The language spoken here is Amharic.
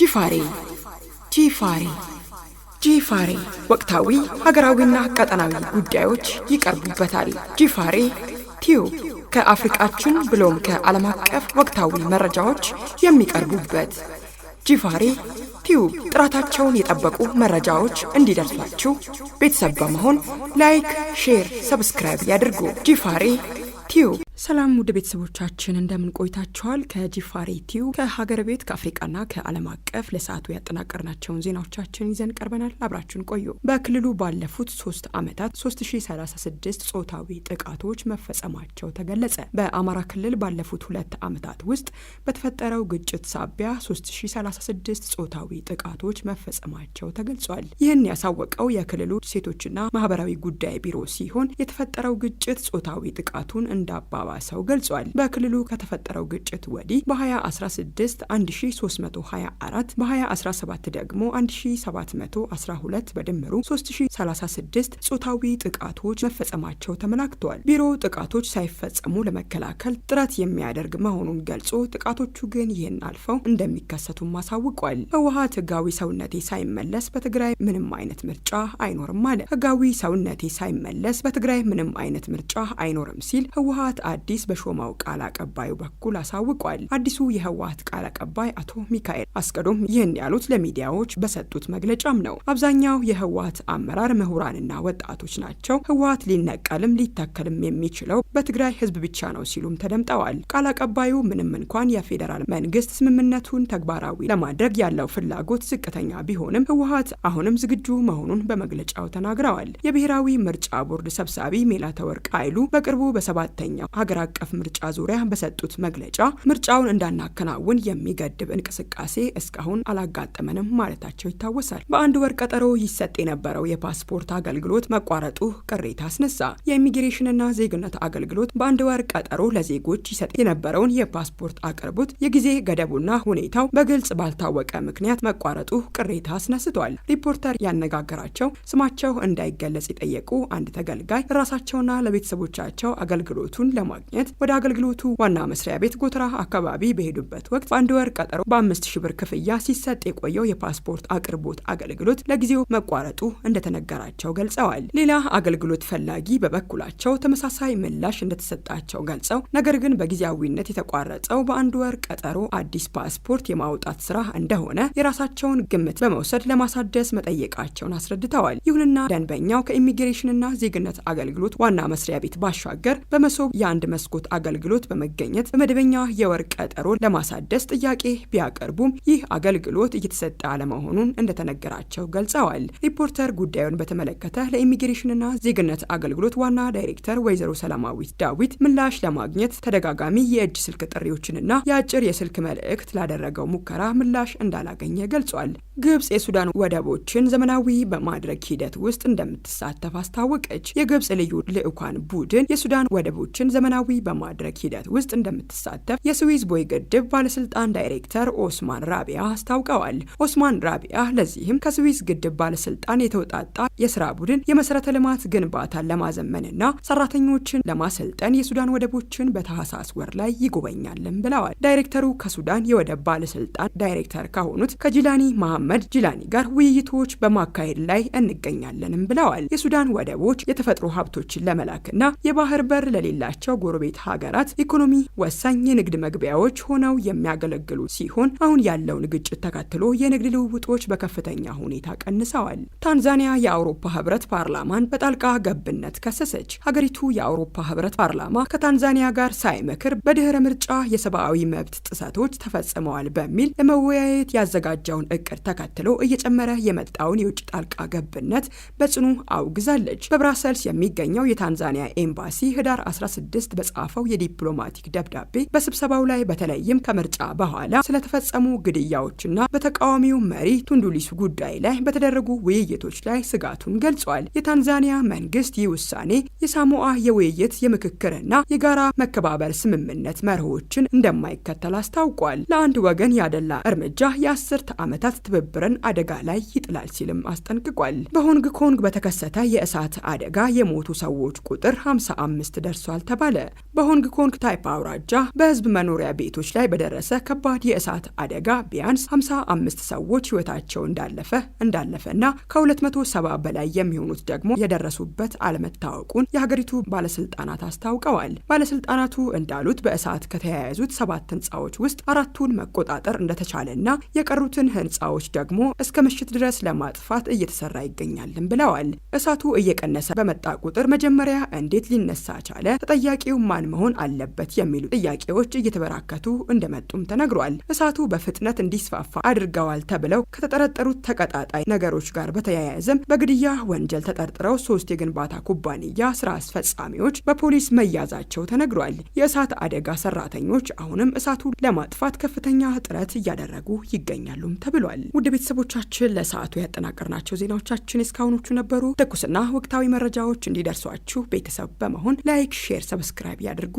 ጂፋሬ ጂፋሬ ጂፋሬ ወቅታዊ ሀገራዊና ቀጠናዊ ጉዳዮች ይቀርቡበታል። ጂፋሬ ቲዩብ ከአፍሪቃችን ብሎም ከዓለም አቀፍ ወቅታዊ መረጃዎች የሚቀርቡበት ጂፋሬ ቲዩብ ጥራታቸውን የጠበቁ መረጃዎች እንዲደርሷችሁ ቤተሰብ በመሆን ላይክ፣ ሼር፣ ሰብስክራይብ ያድርጉ። ጂፋሬ ቲዩብ ሰላም ውድ ቤተሰቦቻችን እንደምን ቆይታችኋል? ከጂፋሬ ቲዩ ከሀገር ቤት ከአፍሪቃና ከዓለም አቀፍ ለሰዓቱ ያጠናቀርናቸውን ዜናዎቻችን ይዘን ቀርበናል። አብራችን ቆዩ። በክልሉ ባለፉት ሶስት ዓመታት 3036 ጾታዊ ጥቃቶች መፈጸማቸው ተገለጸ። በአማራ ክልል ባለፉት ሁለት ዓመታት ውስጥ በተፈጠረው ግጭት ሳቢያ 3036 ጾታዊ ጥቃቶች መፈጸማቸው ተገልጿል። ይህን ያሳወቀው የክልሉ ሴቶችና ማህበራዊ ጉዳይ ቢሮ ሲሆን የተፈጠረው ግጭት ጾታዊ ጥቃቱን እንዳባ መባባሰው ገልጿል። በክልሉ ከተፈጠረው ግጭት ወዲህ በ2016 1324 በ2017 ደግሞ 1712 በድምሩ 3036 ጾታዊ ጥቃቶች መፈጸማቸው ተመላክተዋል። ቢሮ ጥቃቶች ሳይፈጸሙ ለመከላከል ጥረት የሚያደርግ መሆኑን ገልጾ ጥቃቶቹ ግን ይህን አልፈው እንደሚከሰቱም አሳውቋል። ህወሀት ህጋዊ ሰውነቴ ሳይመለስ በትግራይ ምንም አይነት ምርጫ አይኖርም አለ። ህጋዊ ሰውነቴ ሳይመለስ በትግራይ ምንም አይነት ምርጫ አይኖርም ሲል ህወሀት አዲስ በሾመው ቃል አቀባዩ በኩል አሳውቋል። አዲሱ የህወሀት ቃል አቀባይ አቶ ሚካኤል አስቀዶም ይህን ያሉት ለሚዲያዎች በሰጡት መግለጫም ነው። አብዛኛው የህወሀት አመራር ምሁራንና ወጣቶች ናቸው። ህወሀት ሊነቀልም ሊተከልም የሚችለው በትግራይ ህዝብ ብቻ ነው ሲሉም ተደምጠዋል። ቃል አቀባዩ ምንም እንኳን የፌዴራል መንግስት ስምምነቱን ተግባራዊ ለማድረግ ያለው ፍላጎት ዝቅተኛ ቢሆንም ህወሀት አሁንም ዝግጁ መሆኑን በመግለጫው ተናግረዋል። የብሔራዊ ምርጫ ቦርድ ሰብሳቢ ሜላተወርቅ ኃይሉ በቅርቡ በሰባተኛው ሀገር አቀፍ ምርጫ ዙሪያ በሰጡት መግለጫ ምርጫውን እንዳናከናውን የሚገድብ እንቅስቃሴ እስካሁን አላጋጠመንም ማለታቸው ይታወሳል። በአንድ ወር ቀጠሮ ይሰጥ የነበረው የፓስፖርት አገልግሎት መቋረጡ ቅሬታ አስነሳ። የኢሚግሬሽንና ዜግነት አገልግሎት በአንድ ወር ቀጠሮ ለዜጎች ይሰጥ የነበረውን የፓስፖርት አቅርቦት የጊዜ ገደቡና ሁኔታው በግልጽ ባልታወቀ ምክንያት መቋረጡ ቅሬታ አስነስቷል። ሪፖርተር ያነጋገራቸው ስማቸው እንዳይገለጽ የጠየቁ አንድ ተገልጋይ ራሳቸውና ለቤተሰቦቻቸው አገልግሎቱን ለማ ለማግኘት ወደ አገልግሎቱ ዋና መስሪያ ቤት ጎተራ አካባቢ በሄዱበት ወቅት በአንድ ወር ቀጠሮ በአምስት ሺ ብር ክፍያ ሲሰጥ የቆየው የፓስፖርት አቅርቦት አገልግሎት ለጊዜው መቋረጡ እንደተነገራቸው ገልጸዋል። ሌላ አገልግሎት ፈላጊ በበኩላቸው ተመሳሳይ ምላሽ እንደተሰጣቸው ገልጸው ነገር ግን በጊዜያዊነት የተቋረጠው በአንድ ወር ቀጠሮ አዲስ ፓስፖርት የማውጣት ስራ እንደሆነ የራሳቸውን ግምት በመውሰድ ለማሳደስ መጠየቃቸውን አስረድተዋል። ይሁንና ደንበኛው ከኢሚግሬሽንና ዜግነት አገልግሎት ዋና መስሪያ ቤት ባሻገር በመሶብ የአንድ አንድ መስኮት አገልግሎት በመገኘት በመደበኛ የወር ቀጠሮ ለማሳደስ ጥያቄ ቢያቀርቡም ይህ አገልግሎት እየተሰጠ አለመሆኑን እንደተነገራቸው ገልጸዋል። ሪፖርተር ጉዳዩን በተመለከተ ለኢሚግሬሽንና ዜግነት አገልግሎት ዋና ዳይሬክተር ወይዘሮ ሰላማዊት ዳዊት ምላሽ ለማግኘት ተደጋጋሚ የእጅ ስልክ ጥሪዎችንና የአጭር የስልክ መልእክት ላደረገው ሙከራ ምላሽ እንዳላገኘ ገልጿል። ግብጽ የሱዳን ወደቦችን ዘመናዊ በማድረግ ሂደት ውስጥ እንደምትሳተፍ አስታወቀች። የግብጽ ልዩ ልዑካን ቡድን የሱዳን ወደቦችን ዘመና ሚዛናዊ በማድረግ ሂደት ውስጥ እንደምትሳተፍ የስዊዝ ቦይ ግድብ ባለስልጣን ዳይሬክተር ኦስማን ራቢያ አስታውቀዋል። ኦስማን ራቢያ ለዚህም ከስዊዝ ግድብ ባለስልጣን የተውጣጣ የስራ ቡድን የመሰረተ ልማት ግንባታን ለማዘመንና ሰራተኞችን ለማሰልጠን የሱዳን ወደቦችን በታህሳስ ወር ላይ ይጎበኛልን ብለዋል። ዳይሬክተሩ ከሱዳን የወደብ ባለስልጣን ዳይሬክተር ከሆኑት ከጂላኒ መሐመድ ጂላኒ ጋር ውይይቶች በማካሄድ ላይ እንገኛለንም ብለዋል። የሱዳን ወደቦች የተፈጥሮ ሀብቶችን ለመላክና የባህር በር ለሌላቸው ጎረቤት ሀገራት ኢኮኖሚ ወሳኝ የንግድ መግቢያዎች ሆነው የሚያገለግሉ ሲሆን አሁን ያለውን ግጭት ተከትሎ የንግድ ልውውጦች በከፍተኛ ሁኔታ ቀንሰዋል። ታንዛኒያ የአውሮፓ ህብረት ፓርላማን በጣልቃ ገብነት ከሰሰች። ሀገሪቱ የአውሮፓ ህብረት ፓርላማ ከታንዛኒያ ጋር ሳይመክር በድህረ ምርጫ የሰብአዊ መብት ጥሰቶች ተፈጽመዋል በሚል ለመወያየት ያዘጋጀውን እቅድ ተከትሎ እየጨመረ የመጣውን የውጭ ጣልቃ ገብነት በጽኑ አውግዛለች። በብራሰልስ የሚገኘው የታንዛኒያ ኤምባሲ ህዳር 16 በጻፈው የዲፕሎማቲክ ደብዳቤ በስብሰባው ላይ በተለይም ከምርጫ በኋላ ስለተፈጸሙ ግድያዎችና በተቃዋሚው መሪ ቱንዱሊሱ ጉዳይ ላይ በተደረጉ ውይይቶች ላይ ስጋቱን ገልጿል። የታንዛኒያ መንግስት ይህ ውሳኔ የሳሞአ የውይይት የምክክርና የጋራ መከባበር ስምምነት መርሆችን እንደማይከተል አስታውቋል። ለአንድ ወገን ያደላ እርምጃ የአስርተ ዓመታት ትብብርን አደጋ ላይ ይጥላል ሲልም አስጠንቅቋል። በሆንግ ኮንግ በተከሰተ የእሳት አደጋ የሞቱ ሰዎች ቁጥር 55 ደርሷል ተባለ። ተቃጠለ። በሆንግ ኮንግ ታይፕ አውራጃ በህዝብ መኖሪያ ቤቶች ላይ በደረሰ ከባድ የእሳት አደጋ ቢያንስ 55 ሰዎች ህይወታቸው እንዳለፈ እንዳለፈና ከ270 በላይ የሚሆኑት ደግሞ የደረሱበት አለመታወቁን የሀገሪቱ ባለስልጣናት አስታውቀዋል። ባለስልጣናቱ እንዳሉት በእሳት ከተያያዙት ሰባት ህንፃዎች ውስጥ አራቱን መቆጣጠር እንደተቻለና የቀሩትን ህንፃዎች ደግሞ እስከ ምሽት ድረስ ለማጥፋት እየተሰራ ይገኛልን ብለዋል። እሳቱ እየቀነሰ በመጣ ቁጥር መጀመሪያ እንዴት ሊነሳ ቻለ? ተጠያቂ ተጠያቂው ማን መሆን አለበት የሚሉ ጥያቄዎች እየተበራከቱ እንደመጡም ተነግሯል። እሳቱ በፍጥነት እንዲስፋፋ አድርገዋል ተብለው ከተጠረጠሩት ተቀጣጣይ ነገሮች ጋር በተያያዘም በግድያ ወንጀል ተጠርጥረው ሶስት የግንባታ ኩባንያ ስራ አስፈጻሚዎች በፖሊስ መያዛቸው ተነግሯል። የእሳት አደጋ ሰራተኞች አሁንም እሳቱ ለማጥፋት ከፍተኛ ጥረት እያደረጉ ይገኛሉም ተብሏል። ውድ ቤተሰቦቻችን ለሰዓቱ ያጠናቀርናቸው ዜናዎቻችን እስካሁኖቹ ነበሩ። ትኩስና ወቅታዊ መረጃዎች እንዲደርሷችሁ ቤተሰብ በመሆን ላይክ፣ ሼር፣ ሰብስክራ ሰብስክራይብ ያድርጉ።